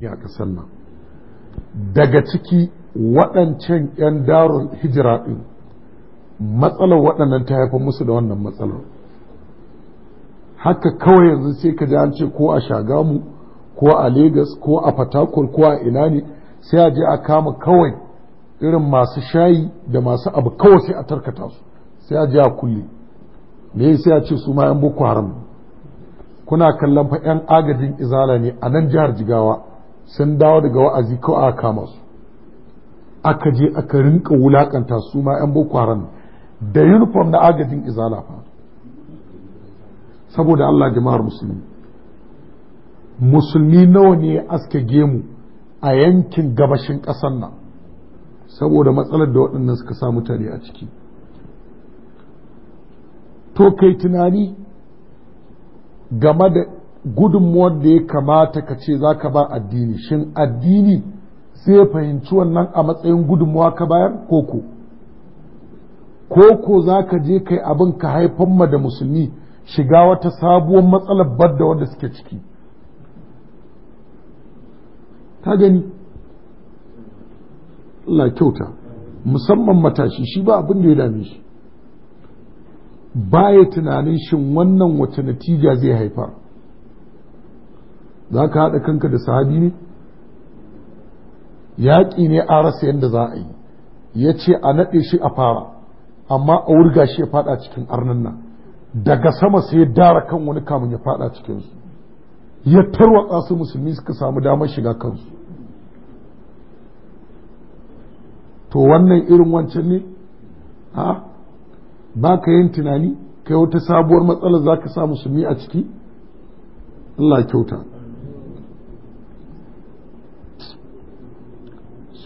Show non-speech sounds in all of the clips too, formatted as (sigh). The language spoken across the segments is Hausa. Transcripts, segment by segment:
ya nan daga ciki waɗancan 'yan darun hijira ɗin matsalar waɗannan ta haifar musu da wannan matsalar haka kawai yanzu sai ka ji an ce ko a shagamu ko a Legas ko a fatakul ko a ina ne sai a je a kama kawai irin masu shayi da masu abu kawai sai a tarkata su sai a je a kulle me sai a ce su ma 'yan boko haram kuna kallon fa 'yan agajin izala ne a nan jihar jigawa sun dawo daga wa'azi ko a kama su aka je aka rinka wulakanta su ma 'yan boko haram da uniform na agajin izala fa saboda Allah jama'ar musulmi musulmi nawa ne aske gemu a yankin gabashin ƙasar nan saboda matsalar da waɗannan suka sa mutane a ciki to kai tunani game da gudunmuwar da ya kamata ka ce za ka ba addini shin addini zai fahimci wannan a matsayin gudunmuwa ka bayar koko koko za ka je kai abin ka haifan ma da musulmi shiga wata sabuwar matsalar badda wanda suke ciki ta gani Allah kyauta musamman matashi shi ba abin da ya dame shi Ba ya tunanin shin wannan wace natija zai haifa za ka haɗa kanka da sahabi ne yaƙi ne a rasa yadda za a yi ya ce a naɗe shi a fara amma a wurga shi ya faɗa cikin arnan nan daga sama sai ya dara kan wani kamun ya faɗa cikinsu ya tarwatsa su musulmi suka samu damar shiga kansu to wannan irin wancan ne a ba ka yin tunani kai wata sabuwar matsalar za ka sa musulmi a ciki Allah kyauta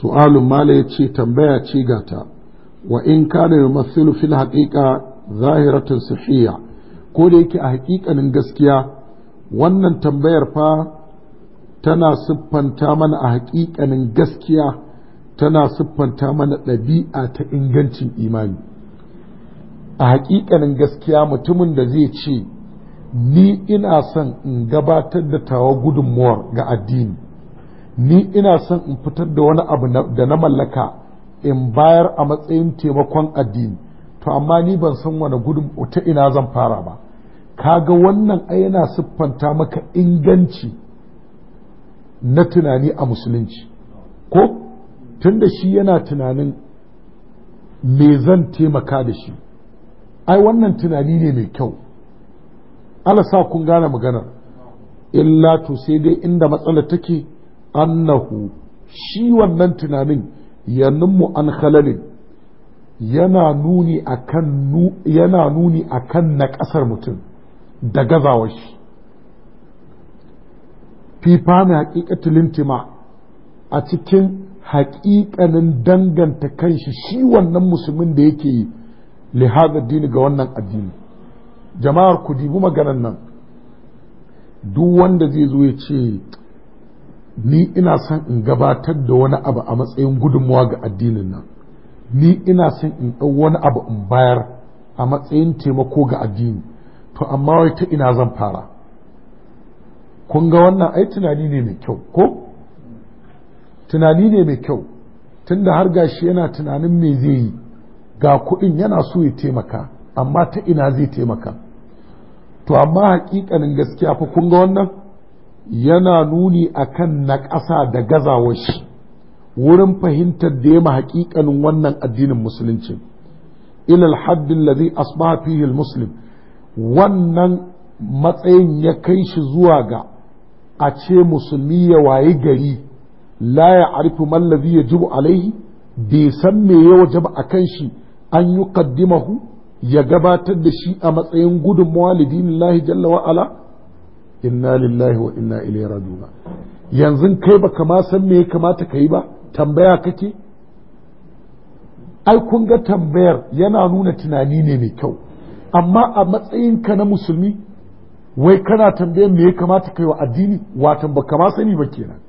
su'alun mala ya ce tambaya ce gata wa in kana yumathilu fil haqiqa zahiratun sihiyya ko da yake a haƙiƙanin gaskiya wannan tambayar fa tana siffanta mana a haƙiƙanin gaskiya tana siffanta mana ɗabi'a ta ingancin imani a haƙiƙanin gaskiya mutumin da zai ce ni ina son in gabatar da tawa gudunmuwar ga addini ni ina son in fitar da wani abu da na mallaka in bayar a matsayin taimakon addini to amma ni ban san wani gudun ta ina zan fara ba kaga wannan ai yana siffanta maka inganci na tunani a musulunci ko tun da shi yana tunanin me zan taimaka da shi ai wannan tunani ne mai kyau sa kun gane maganar illa to sai dai inda matsala take annahu shi wannan tunanin ya nummu an halalin yana nuni akan yana na ƙasar mutum da gazawar shi fifa na haƙiƙatul intima a cikin haƙiƙanin danganta kanshi shi wannan musulmin da yake yi lihazar dini ga wannan addini jama'ar ku dibu maganan nan duk wanda zai zo ya ce ni ina son in gabatar da wani abu a matsayin gudunmuwa ga addinin nan ni ina son in ɗau wani abu in bayar a matsayin taimako ga addini to amma wai ta ina zan fara kun ga wannan ai tunani ne mai kyau ko tunani ne mai kyau tunda har gashi yana tunanin me zai yi ga kuɗin yana so ya taimaka amma ta ina zai taimaka to amma hakikanin gaskiya fa kun ga wannan yana nuni akan na ƙasa da gazawar shi wurin fahimtar da ya haƙiƙanin wannan addinin musulunci ilal haddin lazi asbaha fihi muslim wannan matsayin ya kai shi zuwa ga a ce musulmi ya wayi gari la ya arifu mallazi ya jibu alaihi bai san me ya wajaba a kan shi an yi kaddimahu ya gabatar da shi a matsayin gudunmawa lidinin lahi jalla wa'ala inna lillahi wa inna ilaihi raji'un yanzu kai baka ma san me ya kamata ka ba tambaya kake ai kun ga tambayar yana nuna tunani ne mai kyau amma a matsayin ka na musulmi wai kana tambayar me ya kamata kai wa addini watan baka ma sani ba kenan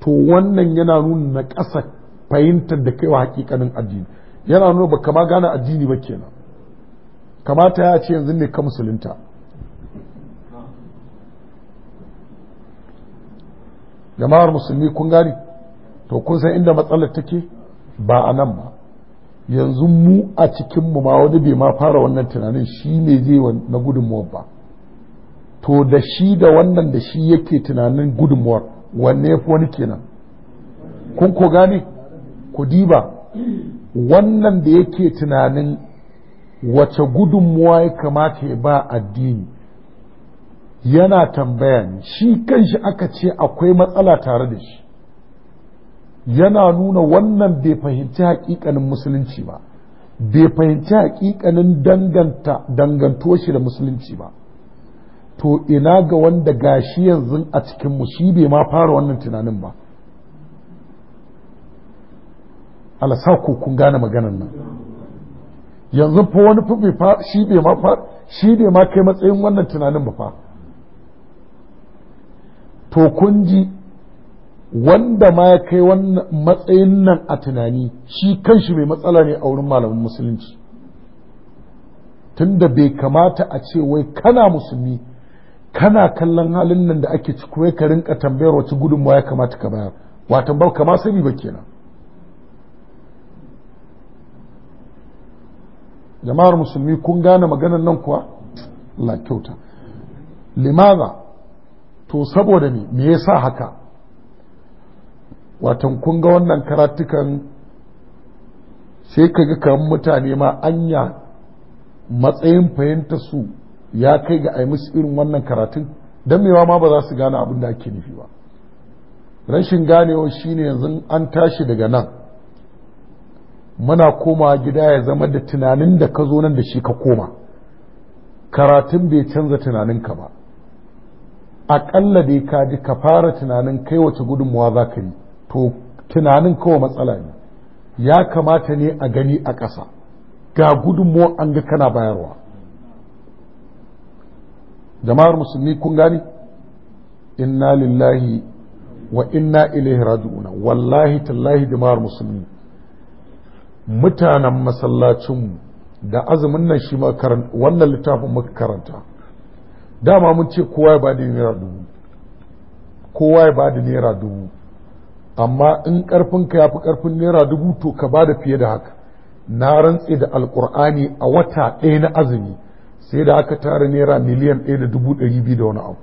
to wannan yana nuna na ƙasa fahimtar da kai wa hakikanin addini yana nuna baka ma gane addini ba kenan kamata ya ce yanzu ne ka musulunta jama'ar musulmi kun gane to kun san inda matsalar take ba a nan ba yanzu mu a cikinmu ma wani bai ma fara wannan tunanin shi ne zai na gudunmuwar ba to da shi da wannan da shi yake tunanin gudunmuwar wanne fi wani kenan kun ko gane ku diba wannan da yake tunanin wace gudunmuwa ya kamata ya ba addini yana tambaya kan shi kanshi aka ce akwai matsala tare da shi yana nuna wannan bai fahimci hakikanin musulunci ba bai fahimci hakikanin danganta danganto shi da musulunci ba to ina ga wanda gashi yanzu a cikinmu shi bai ma fara wannan tunanin ba alasa ku kun gane maganar nan yanzu fa wani fa shi bai ma kai matsayin wannan tunanin ba fa to kun ji wanda ma ya kai wannan matsayin nan a tunani shi kanshi mai matsala ne a wurin malamin musulunci tunda bai kamata a ce wai kana musulmi kana kallon halin nan da ake ciki wai ka rinka tambayar wacce gudunmawa ya kamata ka bayar watan ba kama sani ba kenan jama'ar musulmi kun gane maganan nan kuwa la kyauta limaza to saboda ne me yasa haka watan kun ga wannan karatukan sai ka ga kamar mutane ma anya matsayin fahimta su ya kai ga a irin wannan karatun don mewa ma ba za su gane abin da ake nufi ba rashin ganewa shine yanzu an tashi daga nan muna koma gida ya zama da tunanin da ka zo nan da shi ka koma karatun bai canza tunaninka ba aƙalla dai ka ji ka fara tunanin kai wace gudunmuwa za ka yi to tunanin kawai matsala ne ya kamata ne a gani a ƙasa ga gudunmuwa an ga kana bayarwa jama'ar musulmi kun gani inna lillahi wa inna ilaihi raji'una wallahi tallahi jama'ar musulmi mutanen masallacinmu da azumin nan shi wannan littafin muka karanta dama mun ce kowa ya bada naira dubu kowa ya bada naira dubu amma in karfin ka yafi karfin naira dubu to ka bada fiye da haka na rantse da alkur'ani a wata ɗaya na azumi sai da aka tara naira miliyan ɗaya da dubu ɗari biyu da wani abu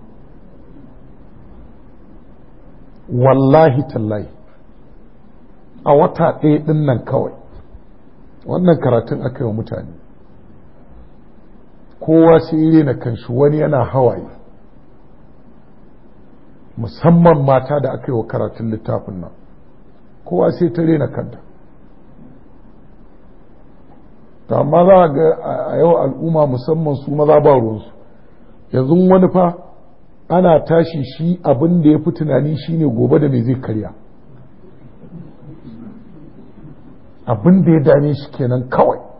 wallahi tallahi a wata ɗaya ɗin kawai wannan karatun aka yi wa mutane kowa sai na kanshi wani yana hawaye musamman mata da aka yi wa karatun littafin nan kowa sai ta rena kanta ta amma za a ga a yau al'umma musamman su maza ba ruwansu yanzu wani fa ana tashi shi abin da ya fi tunani shine gobe da mai zai karya abin da ya dame shi kenan kawai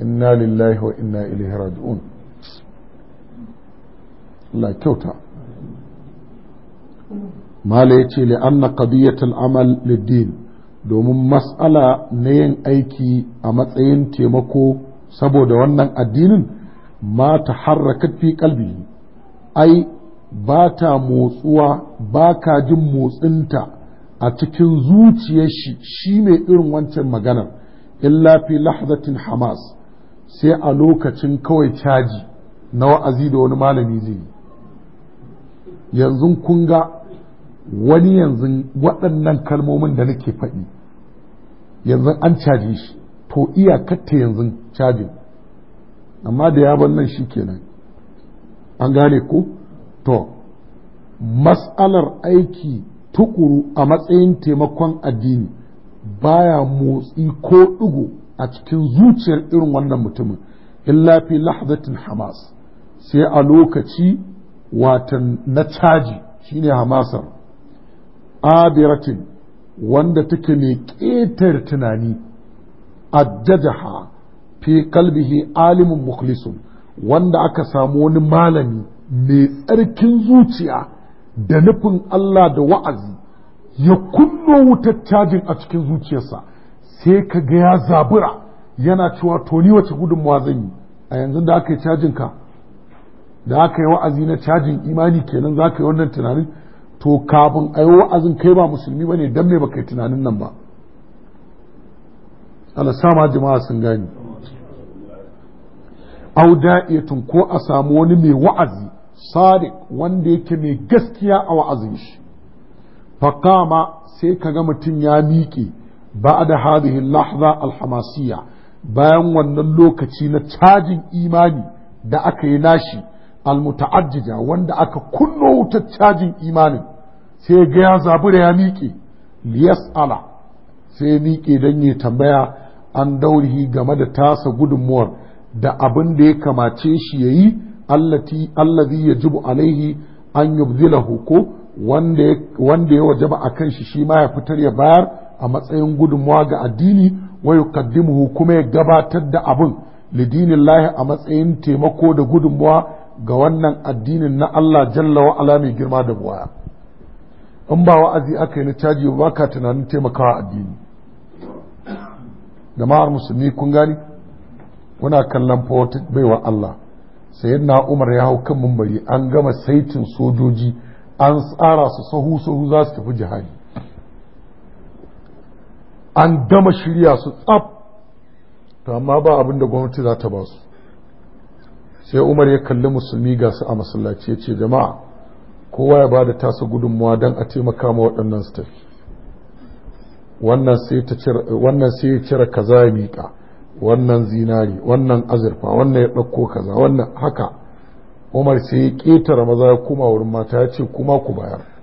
inna lillahi wa inna ilaihi raji'un La kyauta mala yace li anna qadiyatul amal lid-din domin mas'ala na yin aiki a matsayin taimako saboda wannan addinin ma ta harrakat fi kalbi ai ba ta motsuwa ba ka jin motsinta a cikin zuciyar shi shi mai irin wancan maganar illa fi lahzatin hamas sai a lokacin kawai caji na wa'azi da wani malami zai yanzu kun ga wani yanzu waɗannan kalmomin da nake faɗi yanzu an caji shi to iyakatta yanzu cajin amma da ya nan shi kenan an gane ko to matsalar aiki tukuru a matsayin taimakon addini baya motsi ko ɗigo a cikin zuciyar irin wannan mutumin illa fi lahzatin hamas sai a lokaci watan na caji shine hamasar abiratin wanda take mai ƙetar tunani addadaha fi kalbihi alimin mukhlisun wanda aka samu wani malami mai tsarkin zuciya da nufin Allah da wa'azi ya kunno wutar cajin a cikin zuciyarsa sai ka ga ya zabura yana cewa to ni wace gudunmawa zan yi a yanzu da aka yi cajin ka da aka yi wa'azi na cajin imani kenan za ka yi wannan tunanin to kafin a yi wa'azin kai ba musulmi ba ne don me ba kai tunanin nan ba ana sama jama'a sun gani au da'iyatun ko a samu wani mai wa'azi sadiq wanda yake mai gaskiya a wa'azin shi faqama sai kaga mutum ya miƙe بعد هذه اللحظة الحماسية bayan wannan lokaci na cajin imani da aka yi nashi almuta'ajjija wanda aka kunno wutar cajin imanin sai gaya ya zabi da ya miƙe liyas'ala sai ya miƙe don ya tambaya an daurihi game da tasa gudunmuwar da abin da ya kamace shi ya yi allazi ya jibu alaihi an yubzilahu ko wanda ya wajaba a kan shi shi ma ya fitar ya bayar a matsayin gudunmawa ga addini wayo yuqaddimuhu kuma ya gabatar da abin lidinin lahi a matsayin taimako da gudunmawa ga wannan addinin na Allah jalla wa ala mai girma da buwaya in ba wa'azi aka yi na caji ba ka tunanin taimakawa addini jama'ar musulmi kun gani muna kallon fawata baiwa Allah sai na Umar ya hau kan mumbari an gama saitin sojoji an tsara su sahu sahu za su tafi jihadi an gama shirya su tsaf to amma ba abin da gwamnati za ta ba su sai umar ya kalli musulmi ga su a masallaci ya ce jama'a kowa ya ba da tasa gudunmuwa don a taimaka ma waɗannan su tafi wannan sai ya cire kaza ya miƙa wannan zinari wannan azurfa wannan ya ɗauko kaza wannan haka umar sai ya ƙetare maza ya koma wurin mata ya ce kuma ku bayar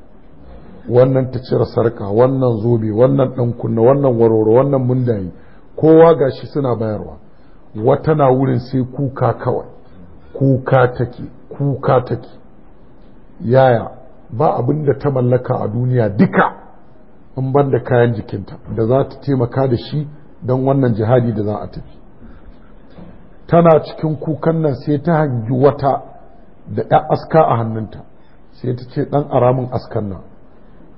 wannan ta cire sarka wannan zobe wannan ɗan kunna wannan warwaro wannan mundayi kowa gashi suna bayarwa wata na wurin sai kuka kawai kuka take kuka take yaya ba abin da ta mallaka a duniya duka in ban da kayan jikinta da za ta taimaka da shi don wannan jihadi da za a tafi tana cikin kukan nan sai ta hangi wata da 'ya aska a hannunta sai ta ce ɗan aramin askan nan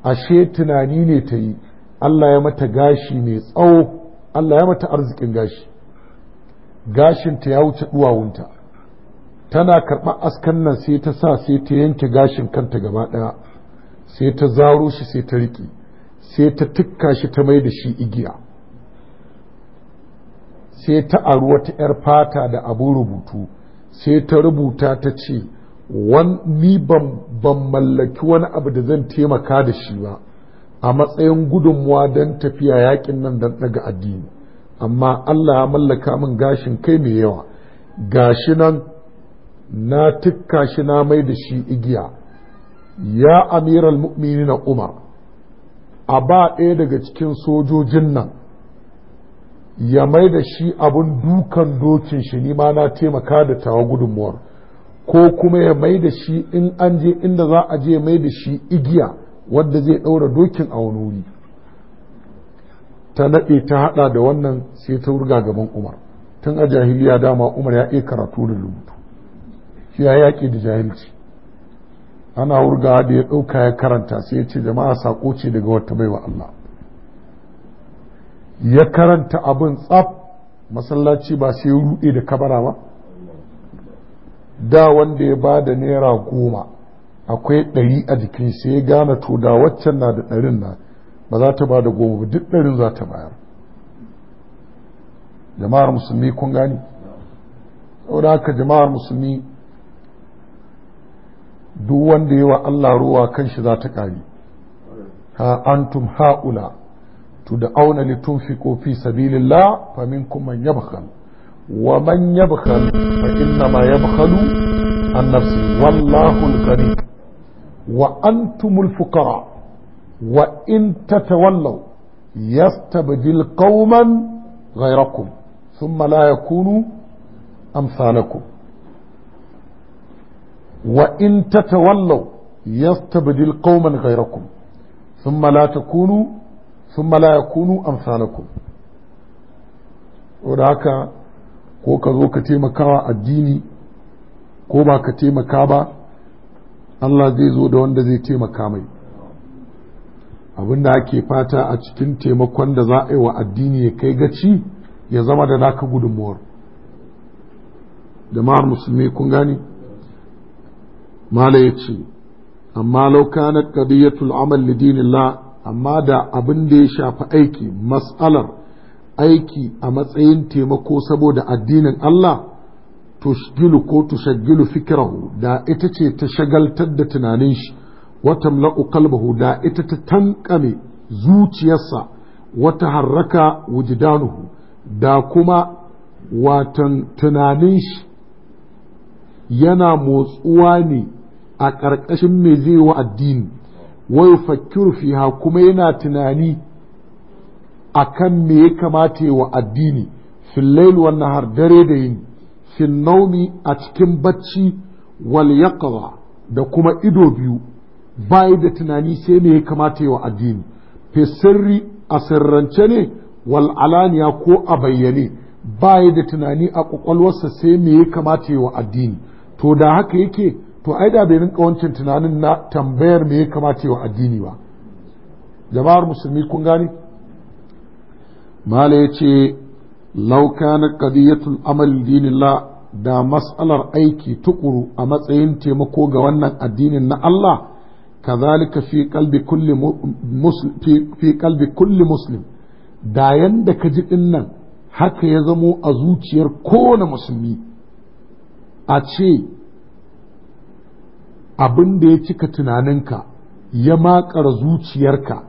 ashe tunani ne ta yi Allah ya mata gashi mai tsawo Allah ya mata arzikin gashi gashin ta ya wuce duwawunta tana karɓar askan nan sai ta sa sai ta yanke gashin kanta gaba ɗaya sai ta zaro shi sai ta riƙe sai ta tukka shi ta mai da shi igiya sai ta aru wata 'yar fata da abun rubutu sai ta rubuta ta ce ni ban mallaki wani abu da zan taimaka da shi ba a matsayin gudunmuwa don tafiya yakin nan don daga addini amma Allah ya mallaka min gashin kai mai yawa gashi nan na tukka shi na mai da shi igiya ya amiral mu'mini na umar a ba ɗaya daga cikin sojojin nan ya mai da shi abun dukan dokin shi ni ma na taimaka da tawa gudunmuwar ko kuma ya mai da shi in an je inda za a je mai da shi igiya wadda zai ɗaura dokin a wani wuri ta naɗe ta haɗa da wannan sai ta wurga gaban umar tun a jahiliya dama umar ya iya karatu da rubutu shi ya yaƙi da jahilci ana wurga da ya ɗauka ya karanta sai ya ce jama'a saƙo ce daga wata baiwa Allah ya karanta abin tsaf masallaci ba sai ya ruɗe da kabara ba da wanda ya bada naira goma akwai ɗari a jikin sai ya gane to da waccan na da ɗarin na ba za ta bada goma ba duk ɗarin za ta bayar jama'ar musulmi kun gani saboda haka jama'ar musulmi duk wanda yawa Allah ruwa kan shi za ta ƙari ha antum ha'ula to da auna litun fi kofi sabilillah fa minkum man yabkhal ومن يبخل فإنما يبخل عن نفسه والله الغني وأنتم الفقراء وإن تتولوا يستبدل قوما غيركم ثم لا يكونوا أمثالكم وإن تتولوا يستبدل قوما غيركم ثم لا تكونوا ثم لا يكونوا أمثالكم وذاك ko ka zo ka taimakawa addini ko ba ka taimaka ba Allah zai zo da wanda zai taimaka mai abinda ake fata a cikin taimakon da za a yi wa addini ya kai gaci ya zama da naka gudunmuwar jama'ar musulmi kun gani mala ya ce amma lauka na kariyatul amal lidinillah amma da abin da ya shafi aiki mas'alar aiki a matsayin taimako saboda addinin Allah tushgilu ko tushagilu fikrahu da ita ce ta shagaltar da tunanin shi wata mlaƙu kalbahu da ita ta tankame zuciyarsa wata harraka wujidanuhu da kuma watan tunanin shi yana motsuwa ne a ƙarƙashin mai zai wa addini wai fakiru fiha kuma yana tunani akan me ya kamata wa addini fil lail wan nahar dare da yini fil naumi a cikin bacci wal yaqra da kuma ido biyu bai da tunani sai me ya kamata wa addini fi sirri a sirrance ne wal alaniya ko a bayyane bai da tunani a kwakwalwarsa sai me ya kamata wa addini to da haka yake to ai da bai rinka wancan tunanin na tambayar me ya kamata wa addini ba jama'ar musulmi kun gani mala ya ce na ƙadiyatul amal dinillah da matsalar aiki tukuru a matsayin taimako ga wannan addinin na Allah kazalika fi kalbi kulli fi kalbi muslim da yanda ka ji dinnan haka ya zamo a zuciyar kowane musulmi a ce abin da ya cika tunaninka ya makar zuciyarka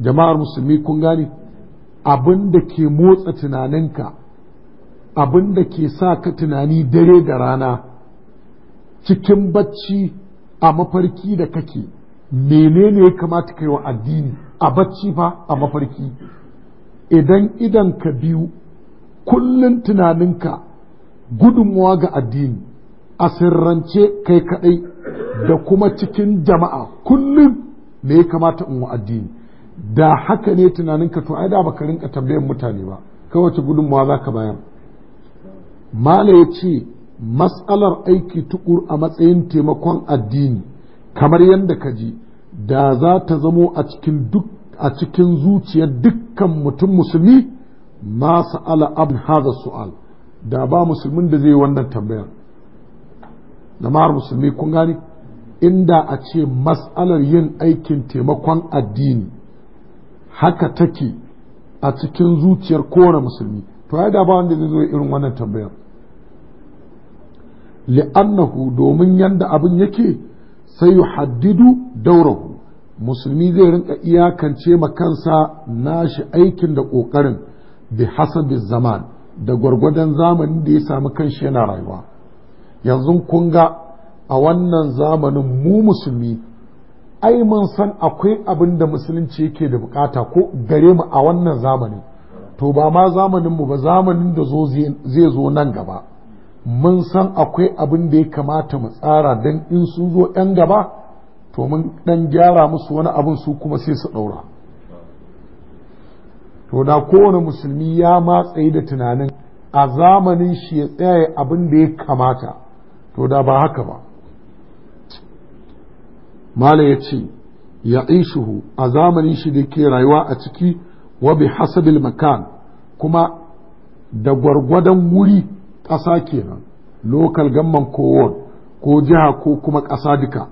jama'ar musulmi kun gane abin da ke motsa tunaninka abin da ke sa ka tunani dare da rana cikin bacci a mafarki da kake menene ya kamata ka yi wa addini a bacci fa a mafarki idan idan ka biyu kullum tunaninka gudunmuwa ga addini a sirrance kai kaɗai da kuma cikin jama'a kullum me ya kamata in wa addini da haka ne tunaninka to ai da baka rinka tambayar mutane ba kai wace gudunmawa za ka bayar mala ya ce matsalar aiki tukur a matsayin taimakon addini kamar yadda ka ji da za ta zamo a cikin zuciyar dukkan mutum musulmi masu sa'ala abin haza su'al da ba musulmin da zai yi wannan tambayar Da jama'ar musulmi kun gani inda a ce matsalar yin aikin taimakon addini haka take a cikin zuciyar kowane musulmi to ya da ba wanda zai zo irin wannan tambayar li'annahu domin yadda abin yake sai yi haddidu daurahu musulmi zai rinka iyakance ma kansa nashi aikin da ƙoƙarin bi hasabi zaman da gwargwadon zamanin da ya samu kanshi yana rayuwa yanzu kun ga a wannan zamanin mu musulmi ai mun san akwai abin da musulunci yake da bukata ko gare mu a wannan zamanin to ba ma zamanin mu ba zamanin da zai zo nan gaba mun san akwai abin da ya kamata mu tsara don in sun zo yan gaba to mun dan gyara musu wani abin su kuma sai su daura to da kowane musulmi ya matsayi da tunanin a zamanin shi ya tsaye abin da ya kamata to da ba haka ba mala ya ce ya ishuhu a zamanin shi da ke rayuwa a ciki wa bi hasabil makan kuma da gwargwadon wuri ƙasa kenan lokal gamman ko ko jiha ko kuma ƙasa duka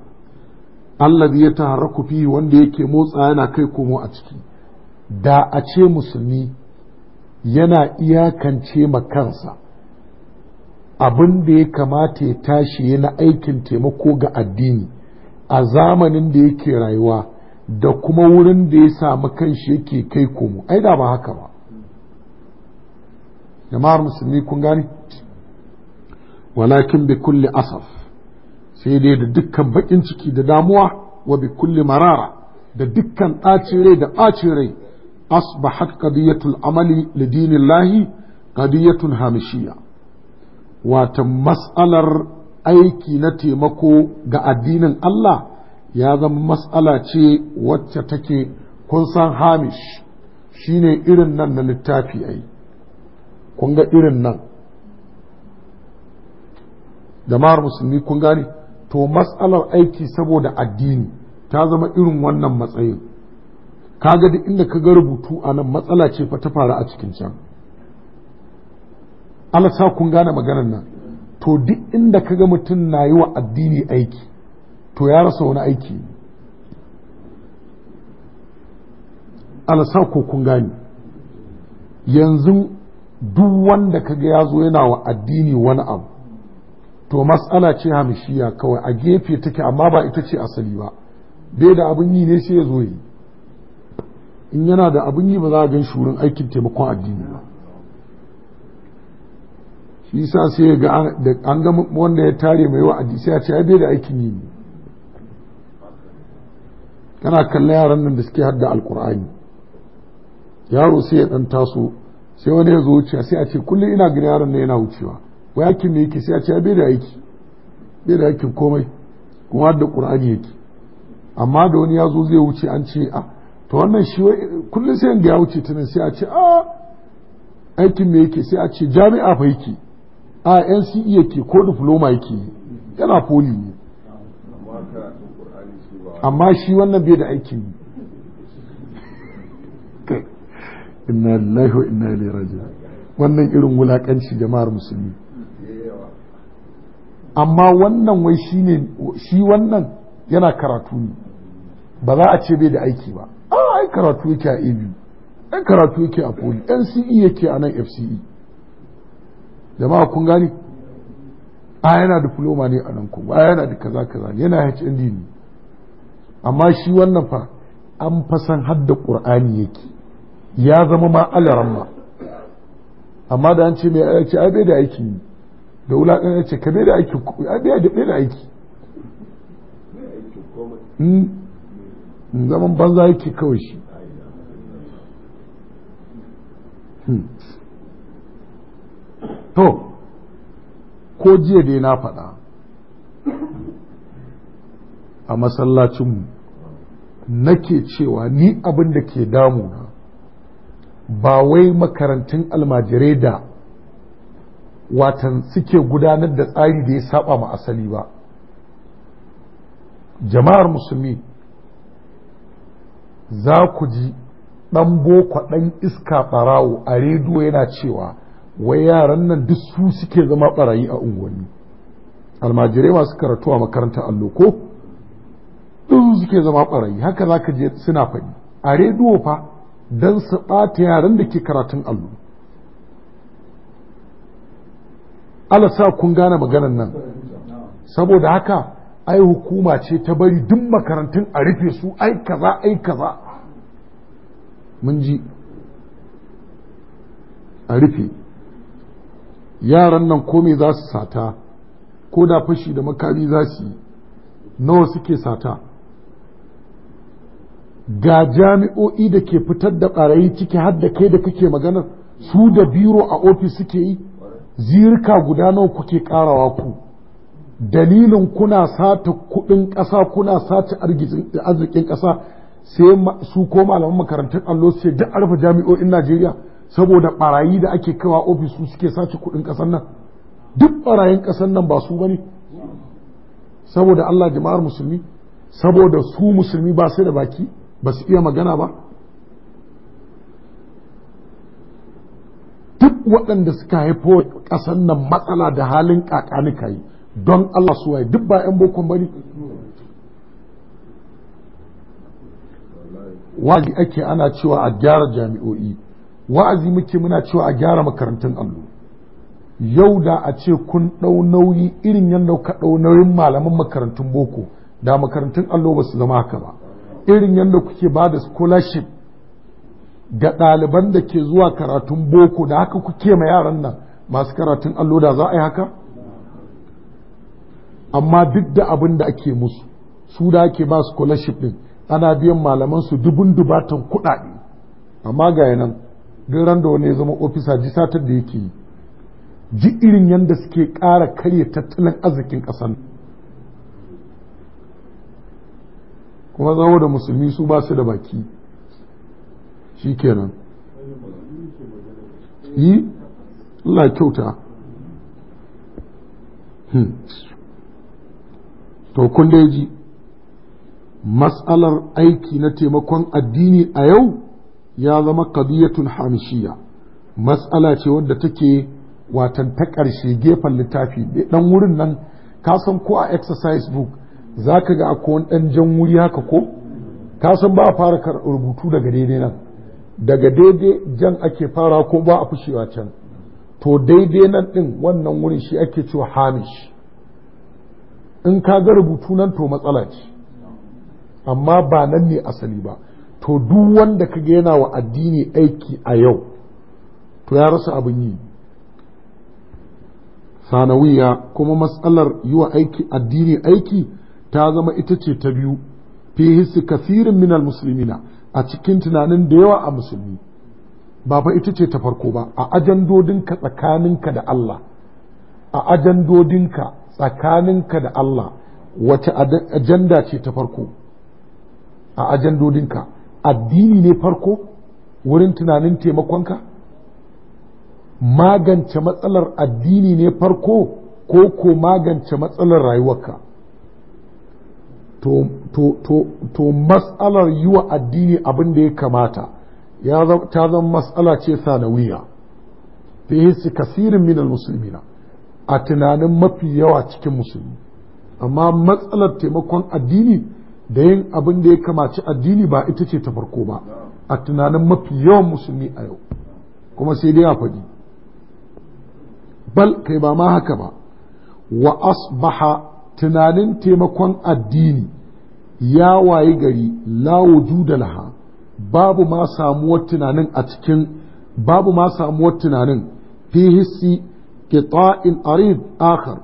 Allah ya taharraku fi wanda yake motsa yana kai komo a ciki da a ce musulmi yana iyakance ma abin da ya kamata ya tashi yana aikin taimako ga addini a zamanin da yake rayuwa da kuma wurin da ya samu kanshi yake kai komo ai da ba haka ba jama'ar musulmi kun gani walakin bi kulli asaf sai dai da dukkan bakin ciki da damuwa wa bi kulli marara da dukkan ɗacin rai da ɓacin rai asbahat qadiyatul amali li dinillahi qadiyatun hamishiya wata mas'alar aiki na taimako ga addinin Allah ya zama matsala ce wacce take kun san hamish shine irin nan na littafi ai kun ga irin nan jama'ar musulmi kun gane to matsalar aiki saboda addini ta zama irin wannan matsayin kaga duk inda ka ga rubutu a nan matsala ce fa ta faru a cikin can Allah sa kun gane maganar nan to duk inda kaga mutum na yi wa addini aiki to ya rasa wani aiki alasa ko kun gani yanzu duk wanda kaga ya zo yana wa addini wani abu to matsala ce hamishiya kawai a gefe take amma ba ita ce asali ba bai da abin yi ne sai ya zo yi in yana da abin yi ba za a gan shurin aikin taimakon addini ba isa sai ga an ga wanda ya tare mai wa'adi sai ya ce bai da aikin yi kana kalla yaran nan da suke hadda alkur'ani yaro sai ya dan taso sai wani ya zo wuce sai a ce kullum ina gani yaron nan yana wucewa wai aikin ne yake sai a ce bai da aiki bai da aikin komai kuma da qur'ani yake amma da wani ya zo zai wuce an ce a ah, to wannan shi kullum sai ya wuce tunan sai a ce a ah, aikin me yake sai a ce jami'a fa yake a nce yake ko diploma yake yana poli ne amma shi wannan bai da aikin inna lillahi wa inna ilaihi raji'un wannan irin wulakanci jama'ar musulmi amma wannan wai shi ne shi wannan yana karatu ne ba za a ce bai da aiki ba a ai karatu yake a ibi ai karatu yake a poli e. nce yake a nan fce jama'a kun gani a yana diploma ne a nan kuma a yana da kaza kaza yana HND ne amma shi wannan fa an fasan hadda qur'ani yake ya zama ma alaramma amma da an ce mai aiki ai bai da aiki da wulakan ya ce ka bai da aiki ai bai da aiki hmm? zaman banza yake kawai shi hmm. to ko jiya dai na faɗa a masallacinmu nake cewa ni abin da ke damu na, ba wai makarantun almajirai da watan suke gudanar da tsari da ya saba ma asali ba jama'ar musulmi za ku ji ɗan boko ɗan iska ɓarawo a rediyo yana cewa wai yaran nan duk su suke zama barayi a unguwanni almajirai masu karatu a makaranta allo ko ɗin suke zama barayi haka za ka je suna faɗi a rediyo fa don su ɓata yaran da ke karatun allo sa kun gane maganan nan saboda haka ai hukuma ce ta bari duk makarantun a rufe su ai kaza ai kaza mun ji a rufe yaran nan kome za su sata ko da fashi da makami za su yi nawa suke sata ga jami'o'i da ke fitar da ɓarayi ciki har da kai da kake magana su da biro a ofis suke yi zirka guda nawa kuke ƙarawa ku dalilin kuna sata kuɗin ƙasa kuna sata arzikin ƙasa sai su ko malaman makarantar allo sai duk arfa jami'o'in najeriya saboda barayi da ake kawa ofis suke sace kudin kasar nan duk barayin kasar nan ba su bane saboda Allah jama'ar musulmi saboda su musulmi ba su da baki ba su iya magana ba duk waɗanda suka haifo ƙasar nan matsala da halin kakanika yi don Allah su waye duk ba 'yan bokon bane wani ake ana cewa a gyara jami'o'i wa'azi muke muna cewa a gyara makarantun allo yau da a ce kun ɗau nauyi irin yadda ka ɗau nauyin malaman makarantun boko da makarantun allo ba su zama haka ba irin yadda kuke ba da scholarship ga ɗaliban da ke zuwa karatun boko da haka kuke ma yaran nan masu karatun allo da za a yi haka amma duk da abin da ake musu su da ake ba scholarship din ana biyan malaman su dubun dubatan kuɗaɗe amma ga yanan duk ran da wani ya zama ofisa ji satar da yake yi ji irin yadda suke ƙara karya tattalin arzikin ƙasar kuma zama da musulmi su ba su da baki shi kenan yi Allah kyauta hmm. to kun ji matsalar aiki na taimakon addini a yau ya zama kadiyatun hamishiya matsala ce wadda take watan ta ƙarshe gefen littafi ɗan wurin nan ka san ko a exercise book za ka ga akwai wani ɗan jan wuri haka ko ka san ba a fara rubutu daga daidai nan daga daidai jan ake fara ko ba a fushewa can to daidai nan ɗin wannan wurin shi ake cewa hamish in ka ga rubutu nan to matsala ce amma ba nan ne asali ba to duk wanda ka yana wa addini aiki a yau to ya rasa abin yi sanawiya kuma matsalar yi wa aiki addini aiki ta zama ita ce ta biyu fi hissi kasirin minal musulmina a cikin tunanin da yawa a musulmi ba fa ita ce ta farko ba a ajandodinka tsakaninka da Allah a ajandodinka tsakaninka da Allah wata ajanda ce ta farko a ajandodinka addini ne farko wurin tunanin taimakonka magance matsalar addini ne farko ko ko magance matsalar rayuwarka to, to, matsalar yi wa addini abin da ya kamata ta zama matsala ce sa sanawiya fi hissi kasirin minal musulmina a tunanin mafi yawa cikin musulmi amma matsalar taimakon addini da yin abin da ya kamaci addini ba ita ce ta farko ba a tunanin mafi yawan musulmi a yau kuma sai dai a faɗi bal kai ba ma haka ba wa asbaha tunanin taimakon addini ya wayi gari la wujuda laha babu ma samuwar tunanin a cikin babu ma samuwar tunanin fi hissi ta'in arid akhar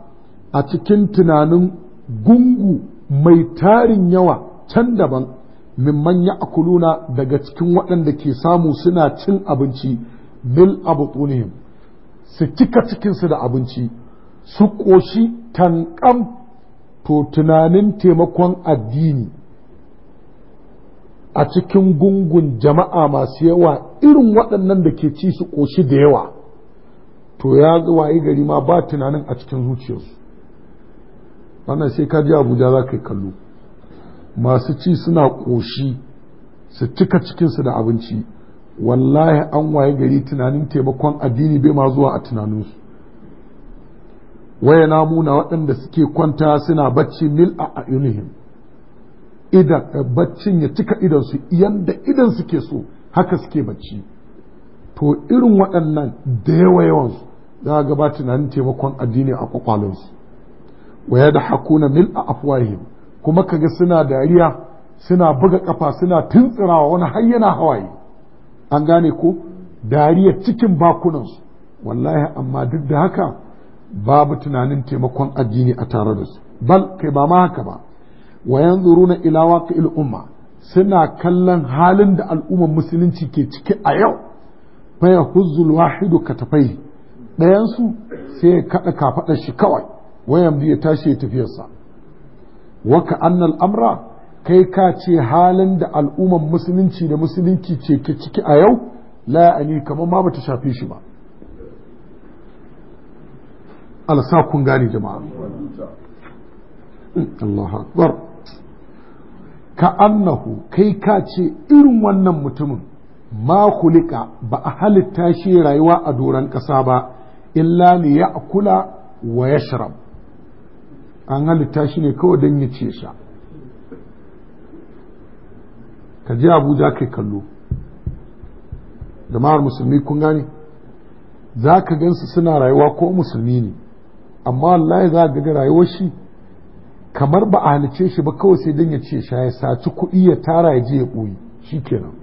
a cikin tunanin gungu mai tarin yawa can daban manya a akuluna daga cikin waɗanda ke samu suna cin abinci abu abutunihim su cika cikinsu da abinci su ƙoshi tankam to tunanin taimakon addini a cikin gungun jama'a masu yawa irin waɗannan da ke ci su ƙoshi da yawa to ya zuwa yi gari ma ba tunanin a cikin zuciyarsu wannan sai ka ji abuja za ka yi kallo masu ci suna ƙoshi su cika cikinsu da abinci wallahi an waye gari tunanin taimakon addini bai ma zuwa a tunaninsu waya namu waɗanda suke kwanta suna bacci mil a ayunihim idan eh, baccin ya cika idansu da idan suke so haka suke bacci to irin waɗannan da yawa yawansu za a gaba tunanin taimakon addini a kwakwalinsu wayada yadhakuna a afwahim kuma kaga suna dariya suna buga kafa suna tuntsirawa wani har yana hawaye an gane ko dariya cikin bakunansu wallahi amma duk da haka babu tunanin taimakon addini a tare da su bal kai ba ma haka ba wayanzuruna ilawa ila waqi'il umma suna kallon halin da al'ummar musulunci ke ciki a yau faya huzzul wahidu katafai ɗayansu sai ya kaɗa kafaɗar shi kawai wayan ya tashi ya tafiyarsa waka annal amra kai ka ce halin da al'umman musulunci da musulunci ce ke ciki a yau la ani kamar ma bata shafe shi ba alsa kun gane jama'a Allahu akbar ka annahu kai ka ce irin wannan mutumin ma kulika ba a halitta shi rayuwa a doron ƙasa ba illa ne ya kula wa ya an halitta shi ne kawai don ya ce sa ka je abuja kai kallo jama'ar musulmi kun gane za ka gansu suna rayuwa ko musulmi ne amma wallahi za a ga rayuwar shi kamar ba a halice shi ba kawai sai don ya ce sha ya saci kuɗi ya tara ya je ya ɓoyi shi kenan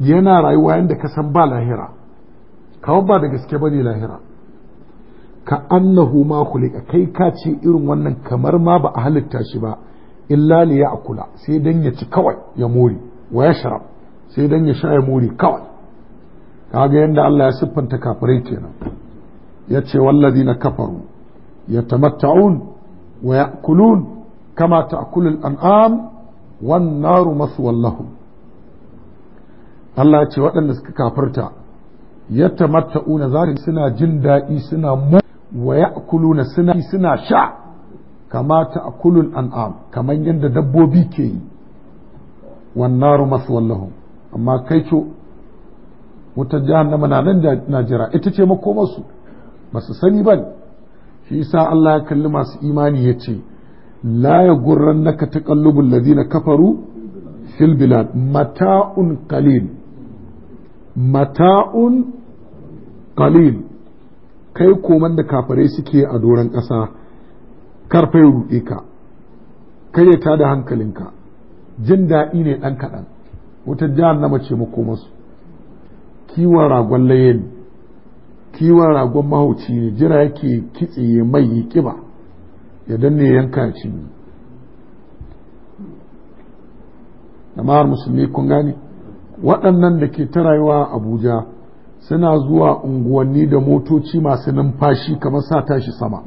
yana rayuwa yadda ka san ba lahira kawai ba da gaske ba ne lahira ka annahu ma khuliqa kai ka ce irin wannan kamar ma ba a halitta shi ba illa li ya'kula sai dan ya ci kawai ya mori wa ya sai dan ya sha ya mori kawai kaga yanda Allah ya siffanta kafirai kenan yace wallazina kafaru yatamatta'un wa ya'kulun kama ta'kulul an'am wan naru maswan lahum Allah ya ce waɗanda suka kafarta yatamatta'una zaka suna jin daɗi suna wa ya'kuluna suna suna sha kama ta'kulul an'am kamar yadda dabbobi ke yi wan naru maswallahu amma kai ce wutar jahannama na nan na jira ita ce makomarsu ba su sani ba shi yasa Allah ya kalli masu imani ya ce la ya gurran naka taqallubul ladina kafaru fil bilad mata'un qalil mata'un qalil kai koman da kafare suke a doron ƙasa karfai ruɗe ka kai ta da hankalinka jin daɗi ne ɗan kaɗan wata jihar na mace makomarsu kiwon ragon layin kiwon ragon mahauci ne jira yake kitse ya mai yi ƙiba ya danne yanka ci jama'ar musulmi kun gane waɗannan da ke ta rayuwa abuja suna zuwa unguwanni da motoci masu numfashi kamar sa tashi sama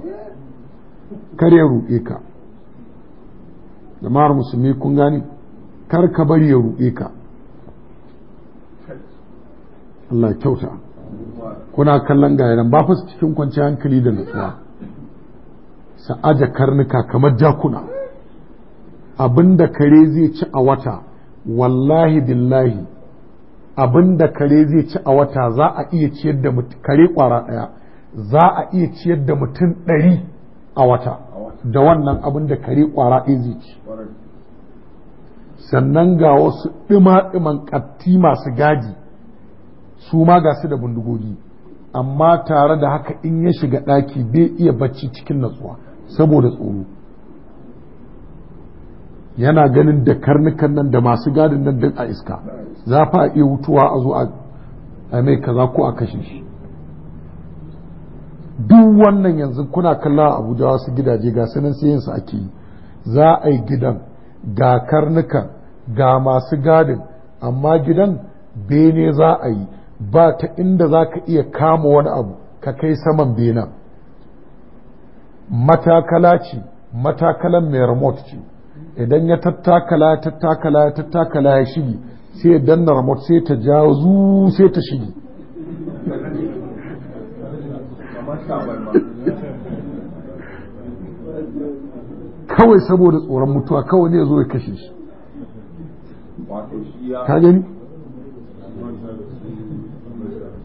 kar ya ruɗe ka jama'ar musulmi kun gani kar ka bari ya ruɗe ka Allah kyauta kuna kallon gayanan ba fa cikin kwanciyar hankali da nutsuwa sa'ada karnuka kamar jakuna abinda kare zai ci a wata wallahi billahi abin da kare zai ci a wata za a iya ciyar da mutum kare kwara ɗaya za a iya ciyar da mutum ɗari a wata da wannan abin da kare kwara ɗaya zai ci sannan ga wasu ɗima-ɗiman ƙatti masu gaji su ma ga su da bindigogi amma tare da haka in ya shiga ɗaki bai iya bacci cikin natsuwa saboda tsoro yana ganin da karnukan nan da masu gadin nan duk a iska za fa iya wutuwa a zo a mai kaza ko a kashe shi duk wannan yanzu kuna kalla abuja wasu gidaje ga sanin siyansu ake yi za a yi gidan ga karnukan ga masu gadin amma gidan bene za a yi ba ta inda za ka iya kama wani abu ka kai saman bena. matakala ce matakalan mai remote ce idan ya tattakala ya tattakala ya tattakala ya shige sai danna remote sai ta jazu sai ta shige kawai saboda tsoron mutuwa kawai ne ya zo ya kashe shi ta gani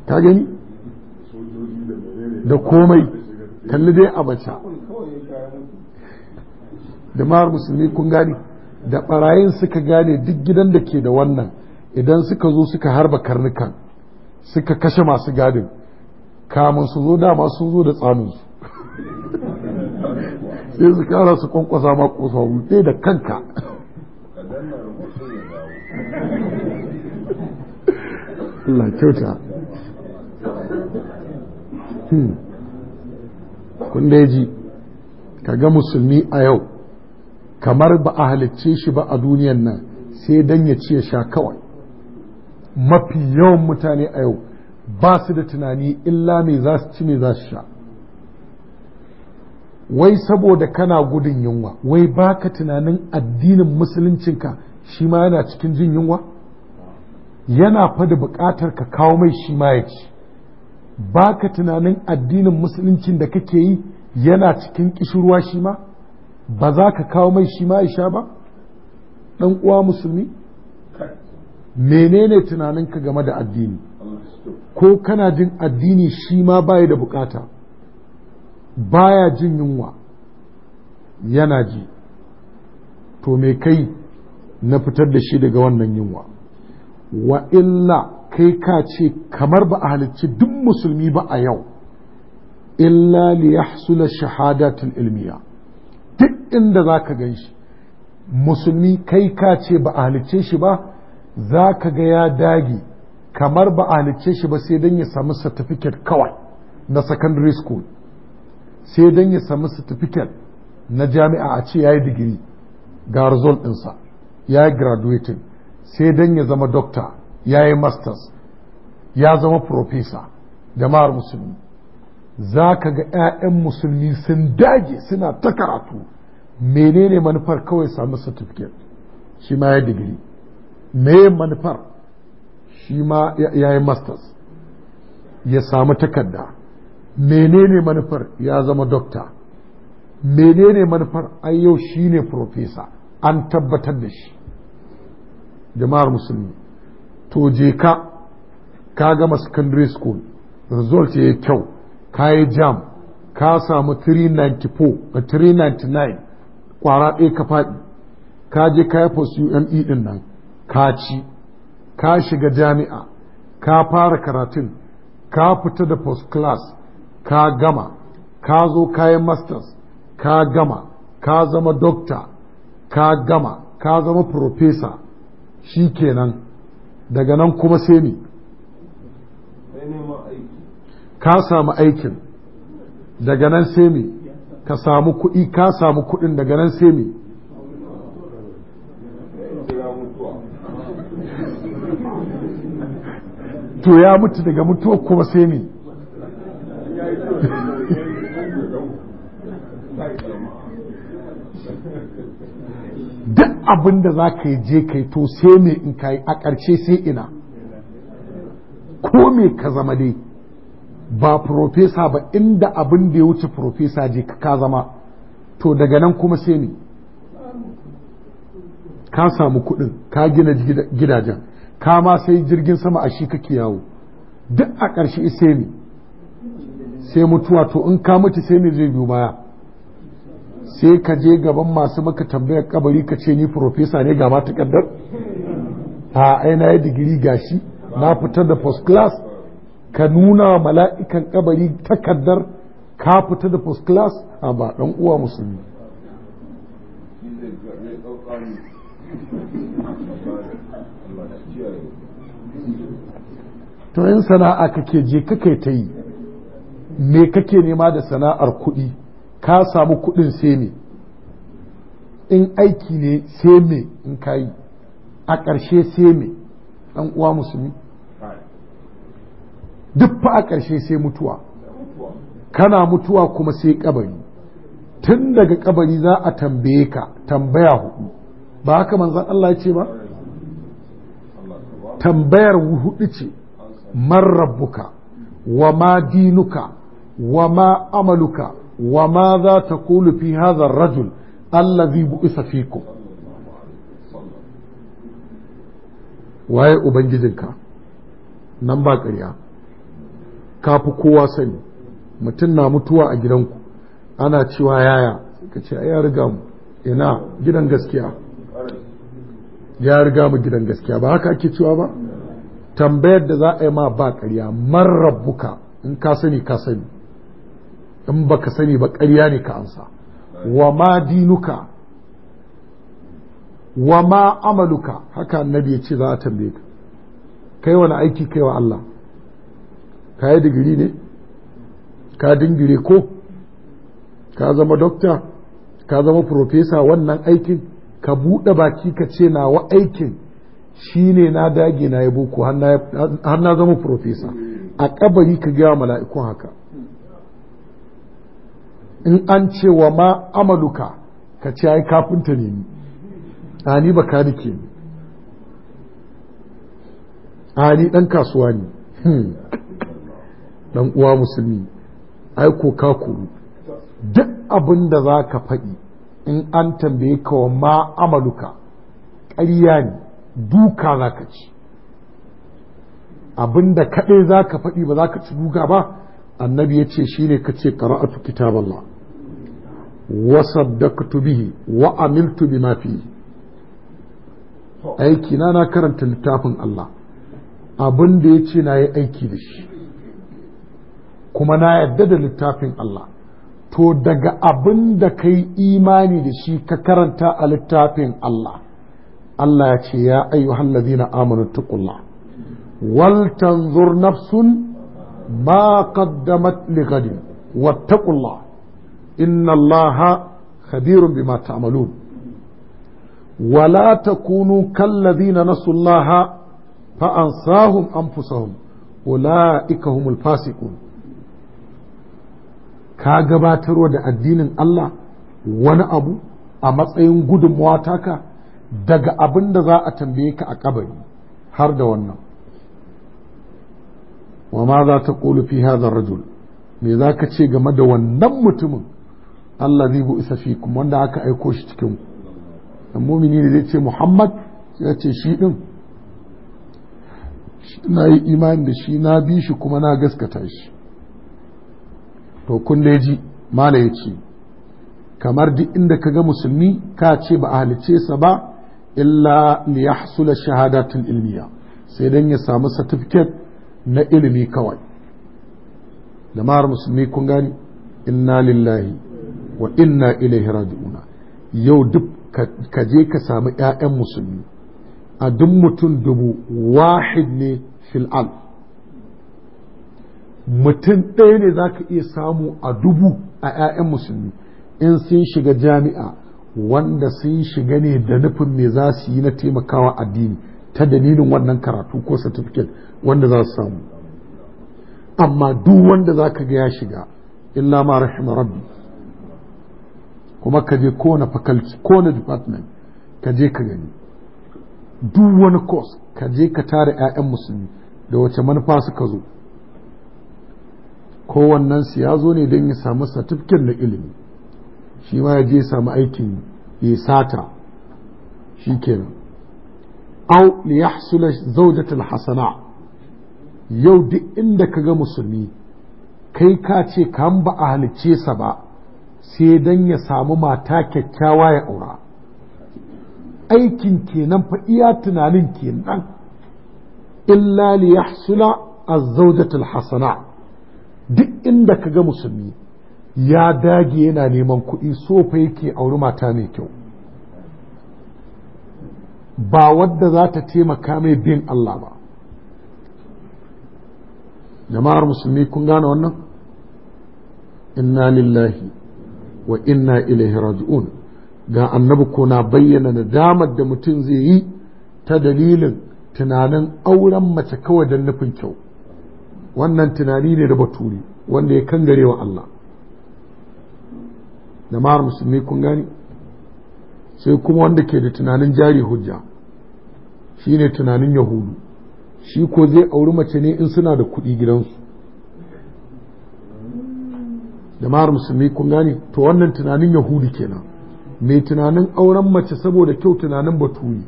ta gani da komai kalli dai a da jama'ar musulmi kun gani da barayin suka gane duk gidan da ke da wannan idan suka zo suka harba karnukan suka kashe masu gadin kamun su zo dama sun zo da tsanunsu (laughs) sai su kara su kwankwasa ma kosa da kanka (laughs) Allah kyauta hmm. kun ji ka ga musulmi a yau kamar ba a halicce shi ba a duniyan nan sai dan ya ci ya sha kawai mafi yawan mutane a yau ba su da tunani illa mai za su ci mai za su sha wai saboda kana gudun yunwa wai baka tunanin addinin musuluncinka shi ma yana cikin jin yunwa yana fada buƙatar ka kawo mai shi ma ya ci baka tunanin addinin musuluncin da kake yi yana cikin kishirwa shi ma ba za ka kawo mai shi ma isha ba ɗan uwa musulmi menene tunaninka game da addini ko kana jin addini shi ma baya da bukata baya jin yunwa yana ji to me kai na fitar da shi daga wannan yunwa wa illa kai ka ce kamar ba a halicci duk musulmi ba a yau illa li yahsula shahadatul ilmiya duk inda za ka gan shi musulmi kai ka ce ba a halicce shi ba za ka ga ya dage kamar ba a halicce shi ba sai don ya sami certificate kawai na secondary school sai don ya sami certificate na jami'a a ce ya yi digiri ga result ɗinsa ya yi graduating sai don ya zama doctor ya yi masters ya zama professor jama'ar musulmi za ka ga 'ya'yan musulmi sun dage suna ta karatu menene manufar kawai samu certificate shi ma ya digiri me manufar shi ma ya yi masters ya samu takarda menene manufar ya zama dokta menene manufar ai yau shi ne profesa an tabbatar da shi jama'ar musulmi to je ka ka gama secondary school result ya yi kyau ka yi jam ka samu 394 399 kwara ɗaya ka faɗi ka je ka yi UME ɗin nan ka ci ka shiga jami'a ka fara karatun ka fita da post class ka gama ka zo ka yi masters ka gama ka zama dokta ka gama ka zama profesa shi kenan daga nan kuma sai ne ka samu aikin daga nan sai me ka samu kuɗi ka samu kuɗin daga nan sai me to ya mutu daga mutuwa kuma sai me duk abin da za ka yi je kai to sai me in ka a ƙarshe sai ina ko me ka zama dai ba profesa ba inda abin da ya wuce profesa je ka zama to daga nan kuma sai ne. ka samu kuɗin ka gina gidajen ka ma sai jirgin sama a shi kake yawo duk a ƙarshe sai ne. sai mutuwa to in ka mutu sai ne zai biyu baya sai ka je gaban masu maka tambayar kabari ka ce ni profesa ne ga mata kaddar (laughs) a aina ya digiri gashi na fitar da first class ka nuna mala'ikan kabari takardar ka fita da first class a ba uwa musulmi to yin sana'a kake je kake ta yi me kake nema da sana'ar kuɗi ka samu kuɗin sai in aiki ne sai in in kayi a ƙarshe sai ɗan uwa musulmi duk fa a ƙarshe sai mutuwa kana mutuwa kuma sai ƙabari. tun daga ƙabari za a tambaye ka tambaya hudu ba haka manzan Allah ya ce ba tambayar hudu ce man rabbuka wa ma dinuka wa ma amaluka wa ma za ta kulu fi hadha rajul allazi bu'isa fikum waye ubangijinka nan ba ƙarya ka kowa sani mutum na mutuwa a gidanku ana cewa yaya ka ce ya riga mu ina gidan gaskiya ya riga mu gidan gaskiya ba haka ake cewa ba tambayar da za a yi ma ba ƙarya man in ka sani ka sani in ba ka sani ba ƙarya ne ka ansa wa ma dinuka wa ma amaluka haka annabi ya ce za a tambaye ka kai wani aiki kai wa Allah ka yi digiri ne ka dingire ko ka zama dokta ka zama profesa wannan aikin ka buɗe baki ka ce nawa aikin shi ne na dage na yi boko har na zama profesa a kabari ka gaya mala'ikun haka in an ce wa ma amaluka ka ce ai kafinta ne ni a ni baka nike ni a ni ɗan kasuwa ne hmm. dan uwa musulmi ai ko ka kuru duk abin da za ka faɗi in an tambaye ka wa ma amaluka ƙarya ne duka za ka ci abin da kaɗai za ka faɗi ba za ka ci duka ba annabi ya ce shi ne ka ce ƙara'atu kitaballah wa saddaqtu bihi wa amiltu bima fihi aiki na na karanta littafin Allah abin da ya ce na yi aiki da shi kuma na yadda da littafin Allah to daga abin da ka yi imani da shi ka karanta a littafin Allah Allah ya ce ya ayyuhan lazina amanu tuqullah waltanzur tanzur nafsun ma qaddamat li ghadin wattaqullah inna allaha khabirun bima ta'malun ولا تكونوا كالذين نسوا الله فأنساهم أنفسهم أولئك humul الفاسقون ka gabatarwa da addinin Allah wani abu a matsayin gudunmawa taka daga abin da za a tambaye ka a kabari har da wannan wa ma za ta ƙulu fi hadha rajul me za ka ce game da wannan mutumin Allah zai bu isa fi kuma wanda aka aiko shi cikin ku mumini da zai ce Muhammad ya ce shi din na yi imani da shi na bi shi kuma na gaskata shi to kulle ji mala ya kamar duk inda ka ga musulmi ka ce ba a halice sa ba illa li yahsula shahadatul ilmiya sai dan ya samu certificate na ilimi kawai jama'ar musulmi kun gani inna lillahi wa inna ilaihi raji'una yau duk ka je ka samu ƴaƴan musulmi a duk mutum dubu wahid ne fil'al mutum ɗaya ne za ka iya samu a dubu a 'ya'yan musulmi in sun shiga jami'a wanda sun shiga ne da nufin me za su yi na taimakawa addini ta dalilin wannan karatu ko certificate wanda za su samu amma duk wanda za ka ga ya shiga illa ma rahima rabbi kuma ka je kowane fakalci kowane department ka je ka gani duk wani course ka je ka tara 'ya'yan musulmi da wace manufa suka zo kowannensu ya zo ne don ya samu satifkin na ilimi shi ma ya je samu aikin ya sata shi kenan au li yahsula zawjatul hasana yau duk inda ka ga musulmi kai ka ce kan ba a halicce sa ba sai don ya samu mata kyakkyawa ya aura aikin kenan fa iya tunanin kenan illa li yahsula az-zawjatul hasana duk inda ka ga musulmi ya dage yana neman kuɗi sofa yake auri mata mai kyau ba wadda za ta taimaka mai bin Allah ba jama'ar musulmi kun gane wannan inna lillahi wa inna ilaihi raji'un ga annabi ko na bayyana nadamar da mutum zai yi ta dalilin tunanin auren mace kawai don nufin kyau wannan tunani ne da baturi wanda ya kangare wa Allah da mara musulmi kun gani sai kuma wanda ke da tunanin jari hujja shi ne tunanin yahudu shi ko zai auri mace ne in suna da kuɗi gidansu da mara musulmi kun gani to wannan tunanin yahudu kenan mai tunanin auren mace saboda kyau tunanin baturi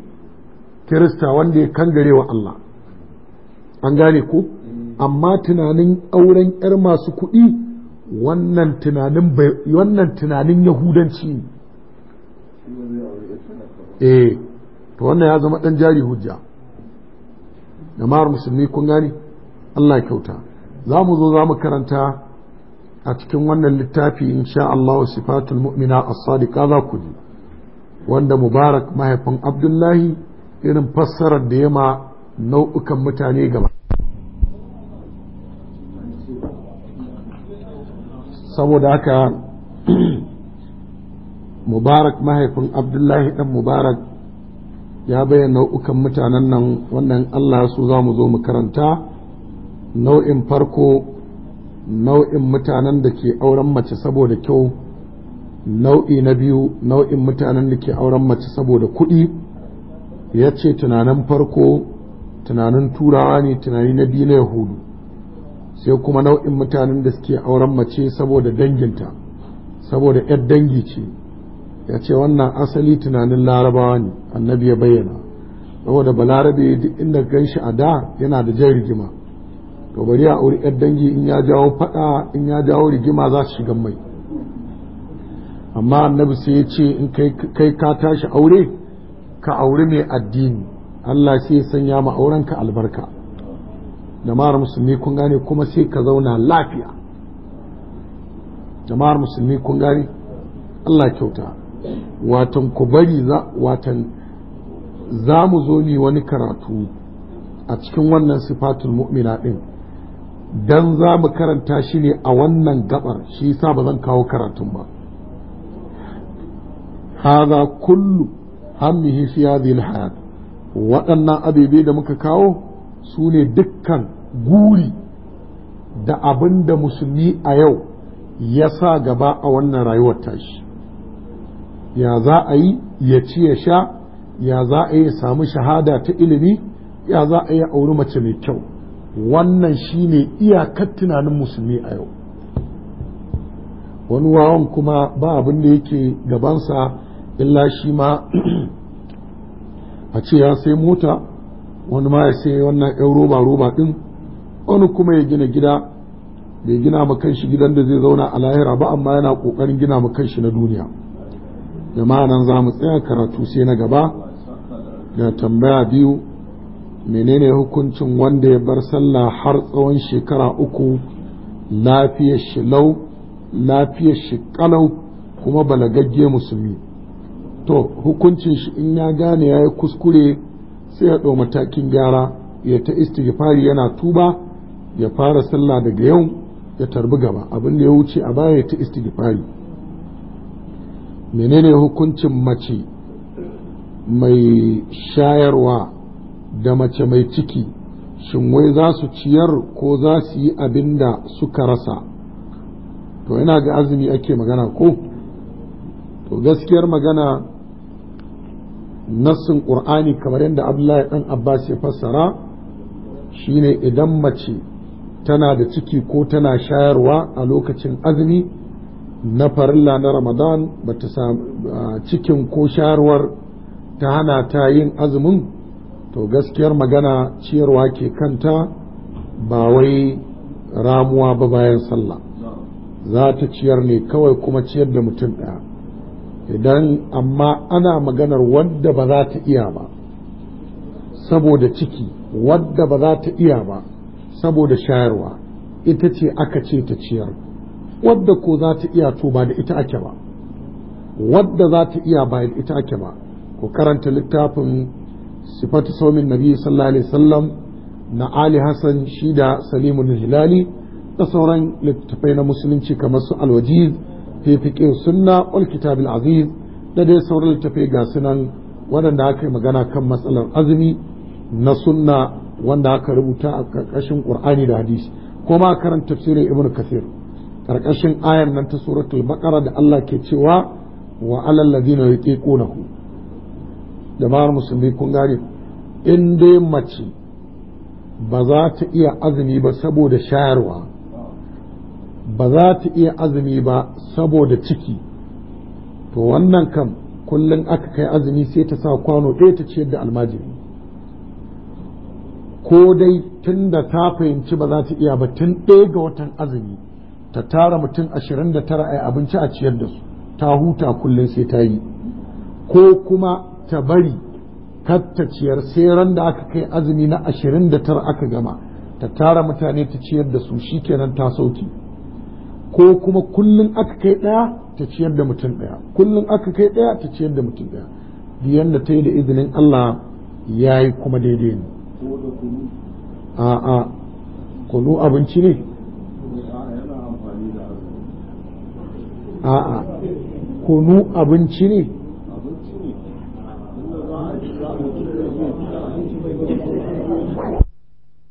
kirista wanda ya kangare wa Allah an gane ko amma tunanin auren 'yar masu kuɗi wannan tunanin yahudanci eh to wannan ya zama ɗan jari hujja jama'ar musulmi kun gani Allah kyauta za mu zo za mu karanta a cikin wannan littafi insha Allah sifatul mu'mina as-sadiqa za ku ji wanda mubarak mahaifin abdullahi irin fassarar da ya ma nau'ukan mutane gaba saboda haka (clears throat) mubarak mahaifin abdullahi dan mubarak ya bayyana nau'ukan mutanen nan wannan allah su za mu zo mu karanta nau'in farko nau'in mutanen da ke auren mace saboda kyau nau'i na biyu nau'in mutanen da ke auren mace saboda kuɗi ya ce tunanin farko tunanin turawa ne tunani na biyu na yahudu sai kuma nau'in mutanen da suke auren mace saboda danginta saboda 'yar dangi ce ya ce wannan asali tunanin larabawa ne annabi ya bayyana saboda balarabe duk inda gan shi a da yana da jan rigima to bari a auri 'yar dangi in ya jawo fada in ya jawo rigima za su shiga mai amma annabi sai ya ce in kai ka tashi aure ka auri mai addini Allah sai ya sanya ma aurenka albarka jama'ar musulmi kun gane kuma sai ka zauna lafiya jama'ar musulmi kun gane Allah kyauta watan ku bari watan za mu zo ni wani karatu a cikin wannan sifatul mu'mina din dan za mu karanta shi ne a wannan gabar shi yasa bazan kawo karatun ba Haza kullu hammihi fi hadhihi alhayat waɗannan abubuwa da muka kawo su ne dukkan guri da abin da musulmi a yau ya sa gaba a wannan rayuwar tashi ya za a yi ya ci ya sha ya za a yi samu shahada ta ilimi ya za a yi auri mace mai kyau wannan shi ne iyakar tunanin musulmi a yau wani wawan kuma ba abin da yake gabansa illa shi ma (clears throat) a ce ya sai mota wani ma ya sai wannan yan roba roba din wani kuma ya gina gida bai gina ma kanshi gidan da zai zauna a lahira ba amma yana kokarin gina ma kanshi na duniya jama'a nan za mu tsaya karatu sai na gaba da tambaya biyu menene hukuncin wanda ya bar sallah har tsawon shekara uku lafiyar shi lau lafiyar shi kalau kuma balagagge musulmi to hukuncin shi in ya gane ya yi kuskure sai ya ɗau matakin gyara ya ta istighfari yana tuba ya fara sallah daga yau ya tarbi gaba abin da ya wuce a baya ya ta istighfari menene hukuncin mace mai shayarwa da mace mai ciki shin wai za su ciyar ko za su yi abin da suka rasa to yana ga azumi ake magana ko to gaskiyar magana nassin ƙur'ani kamar yadda abdullahi ɗan abbas ya fassara shine idan mace tana da ciki ko tana shayarwa a lokacin azumi na farilla na ramadan ba ta cikin ko shayarwar ta hana ta yin azumin to gaskiyar magana ciyarwa ke kanta ba wai ramuwa ba bayan sallah za ta ciyar ne kawai kuma ciyar da mutum ɗaya idan amma ana maganar wadda ba za ta iya ba saboda ciki wadda ba za ta iya ba saboda shayarwa ita ce aka ce ta ciyar wadda ko za ta iya to ba da ita ake ba wadda za ta iya ba da ita ake ba ku karanta littafin sifatu saumin nabi sallallahu alaihi wasallam na ali hassan shida salimun hilali da sauran littattafai na musulunci kamar su alwajiz fi sunna kitab al azim da dai sauran littafai ga sunan waɗanda aka yi magana kan matsalar azumi na sunna wanda aka rubuta a ƙarƙashin ƙur'ani da hadisi kuma karan tafsirin ibn kasir ƙarƙashin ayar nan ta suratul baqara da Allah ke cewa wa alal ladina yutiqunahu jama'ar musulmi kun gane in dai mace ba za ta iya azumi ba saboda shayarwa ba za ta iya azumi ba saboda ciki to wannan kam kullum aka kai azumi sai ta sa kwano ɗaya ta ciyar da almajiri ko dai tun da ta fahimci ba za ta iya ba tun ɗaya ga watan azumi ta tara mutum ashirin da tara a abinci a ciyar da su ta huta kullum sai ta yi ko kuma ta bari katta ciyar sai ran da aka kai azumi na ashirin da tara aka gama ta tara mutane ta ciyar da su shi shikenan ta sauki ko kuma kullum aka kai ɗaya ta ciyar da mutum ɗaya kullum aka kai ɗaya ta ciyar da mutum ɗaya biyan da ta yi da izinin Allah ya yi kuma daidai ne a'a kunu abinci ne a'a kunu abinci ne